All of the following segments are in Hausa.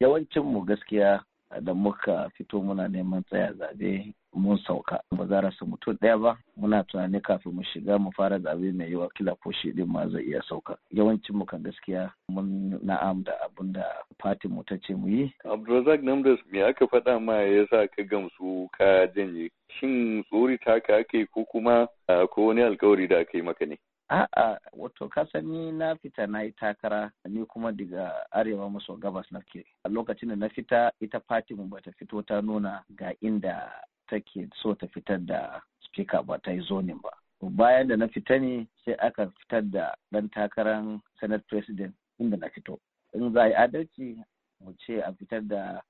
yawancin mu gaskiya da muka fito muna neman tsaya zabe mun sauka ba za rasa mutum ɗaya ba muna tunani kafin mu shiga mu fara zabe mai yiwa kila ko shi din ma zai iya sauka yawancin mu kan gaskiya mun na'am da abin da fatin mu ta ce mu yi abdulrazak namdas me aka faɗa ma yasa ka gamsu ka janye shin taka ake ko kuma ko wani alkawari da aka yi maka ne? A'a, wato kasani sani na fita na yi takara ni kuma daga arewa maso gabas na ke. A lokacin da na fita ita fati ba bata fito ta nuna ga inda take so ta fitar da speaker ba ta yi zonin ba. Bayan da na fita ne sai aka fitar da ɗan takarar Senate President inda na fito. In za a yi adalci mu ce a fitar da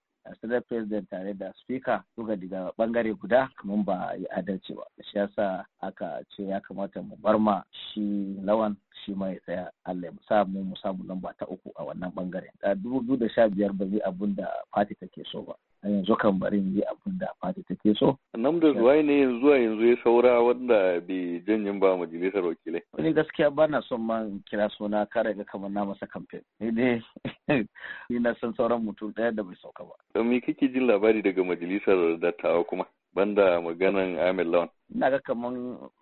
senate president tare da speaker duka daga bangare guda kamar ba yi adalci ba shi yasa aka ce ya kamata mu bar ma shi lawan shi ma ya tsaya Allah ya sa mu mu samu lamba ta uku a wannan bangare da dubu biyu da sha biyar ba zai abun da fati take so ba a yanzu kan bari yi abin da fata take so. Nan da zuwa ne zuwa yanzu ya saura wanda bai janyin ba majalisar wakilai. Wani gaskiya ba na son ma kira suna kare ga kamar na masa kamfen. Ni ne ni na san sauran mutum ɗaya da bai sauka ba. Don me kake jin labari daga majalisar dattawa kuma? Banda maganan Amin Lawan. Ina ga kamar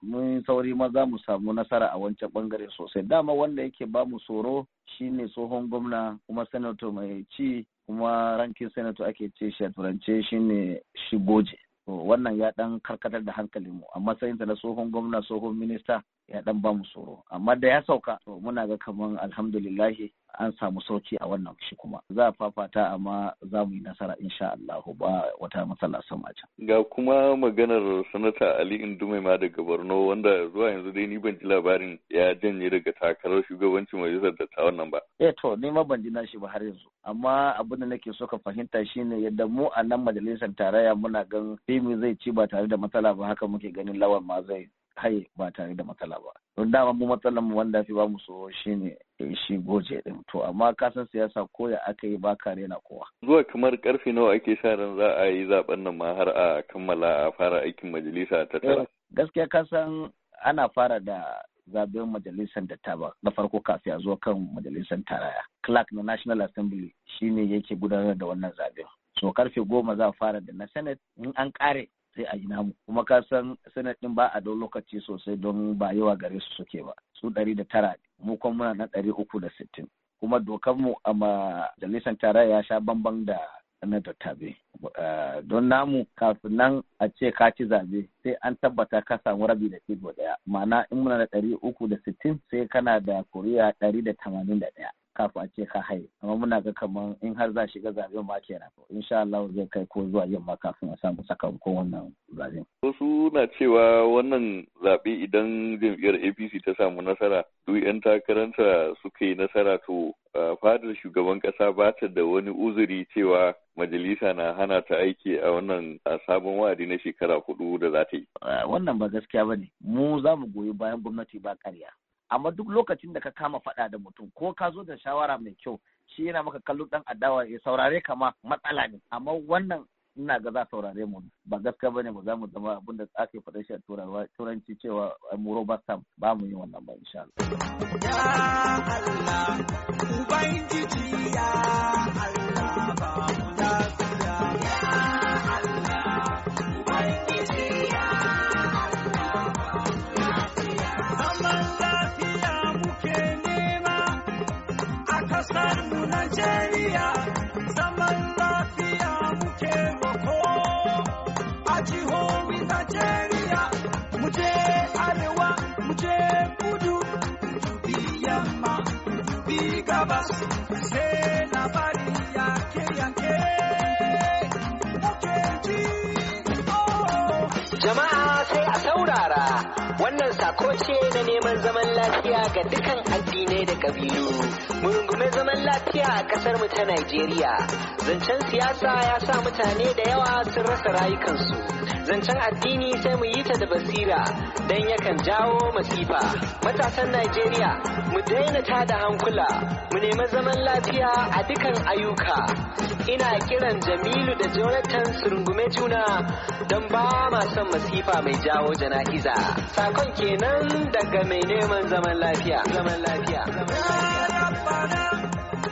mun sauri za mu samu nasara a wancan bangare sosai. Dama wanda yake ba mu tsoro shine tsohon gwamna kuma sanato mai ci kuma rankin senator ake ce shi a turance shi ne shigoje wannan ya dan karkatar da hankalinmu a matsayinsa na tsohon gwamna tsohon minista ya dan ba mu tsoro amma da ya sauka to muna ga kaman alhamdulillahi an samu sauki a wannan shi kuma za a fafata amma za mu yi nasara insha Allah ba wata matsala sama can ga kuma maganar sanata Ali Indume ma daga Borno wanda zuwa yanzu dai ni ban ji labarin ya janye daga takarar shugabancin majalisar ta nan ba eh to ni ma ban ji na shi ba har yanzu amma abin da nake so ka fahimta shine yadda mu a nan majalisar tarayya muna gan fimi zai ci ba tare da matsala ba haka muke ganin lawan ma zai haye ba tare da matsala ba don dama mu matsalar mu wanda fi ba mu so ne eh, shi goje din to amma ka san siyasa ko ya aka yi ba kare na kowa zuwa kamar karfe nawa ake sa ran za a yi zaben nan ma har a kammala a fara aikin majalisa ta tara eh, gaskiya ka san ana fara da zaben majalisar ba, na farko kafin a zo kan majalisar taraya clark na national assembly shine yake gudanar da wannan zaben so karfe goma za a fara da na senate in an kare sai a yi namu kuma ka san senate ba a don lokaci sosai don ba yawa gare su suke ba su ɗari da tara mu kuma muna na ɗari uku da sittin kuma dokar mu a majalisar tarayya ya sha bamban da na dattabe eh, don namu kafin nan a ce ka ci zabe sai an tabbata ka samu rabi da ɗigo ɗaya ma'ana in muna da ɗari uku da sittin sai kana da koriya ɗari da tamanin da ɗaya kafin a ce ka haye amma muna ga kamar in har za shiga zaben ma kenan insha Allah zai kai ko zuwa yamma kafin a samu sakamakon wannan zaben wasu na cewa wannan zabe idan jam'iyyar APC ta samu nasara duk yan takaranta suka yi nasara to fadar shugaban kasa ba ta da wani uzuri cewa majalisa na hana ta aiki a wannan sabon wa'adi na shekara hudu da za ta yi. Wannan ba gaskiya ba ne, mu za mu goyi bayan gwamnati ba karya. amma duk lokacin da ka kama faɗa da mutum ko ka zo da shawara mai kyau shi yana maka kallo ɗan adawa ya saurare ka ma matsala ne amma wannan ina ga za saurare mu ba gaskiya bane ba za mu zama abinda ake faɗa shi a turawa turanci cewa mu robar sam ba mu yi wannan ba insha Allah ko a jihohin Najeriya mu arewa muje je kudu bi yamma bi gabas sai labari yanke yanke muke ji oh. jama'a sai a saurara Wannan sako ce na neman zaman lafiya ga dukan addinai da ƙabilu. Mu rungume zaman lafiya a ƙasar mu ta Najeriya. Zancen siyasa ya sa mutane da yawa sun rasa rayukansu. Zancen addini sai mu yi ta da basira don yakan jawo masifa. Matasan Najeriya mu daina ta da hankula mu nemi zaman lafiya a dukan ayyuka. Ina kiran Jamilu da Jonathan su rungume juna don ba ma son masifa mai jawo jana'iza. matakan kenan daga mai neman zaman lafiya zaman lafiya zaman lafiya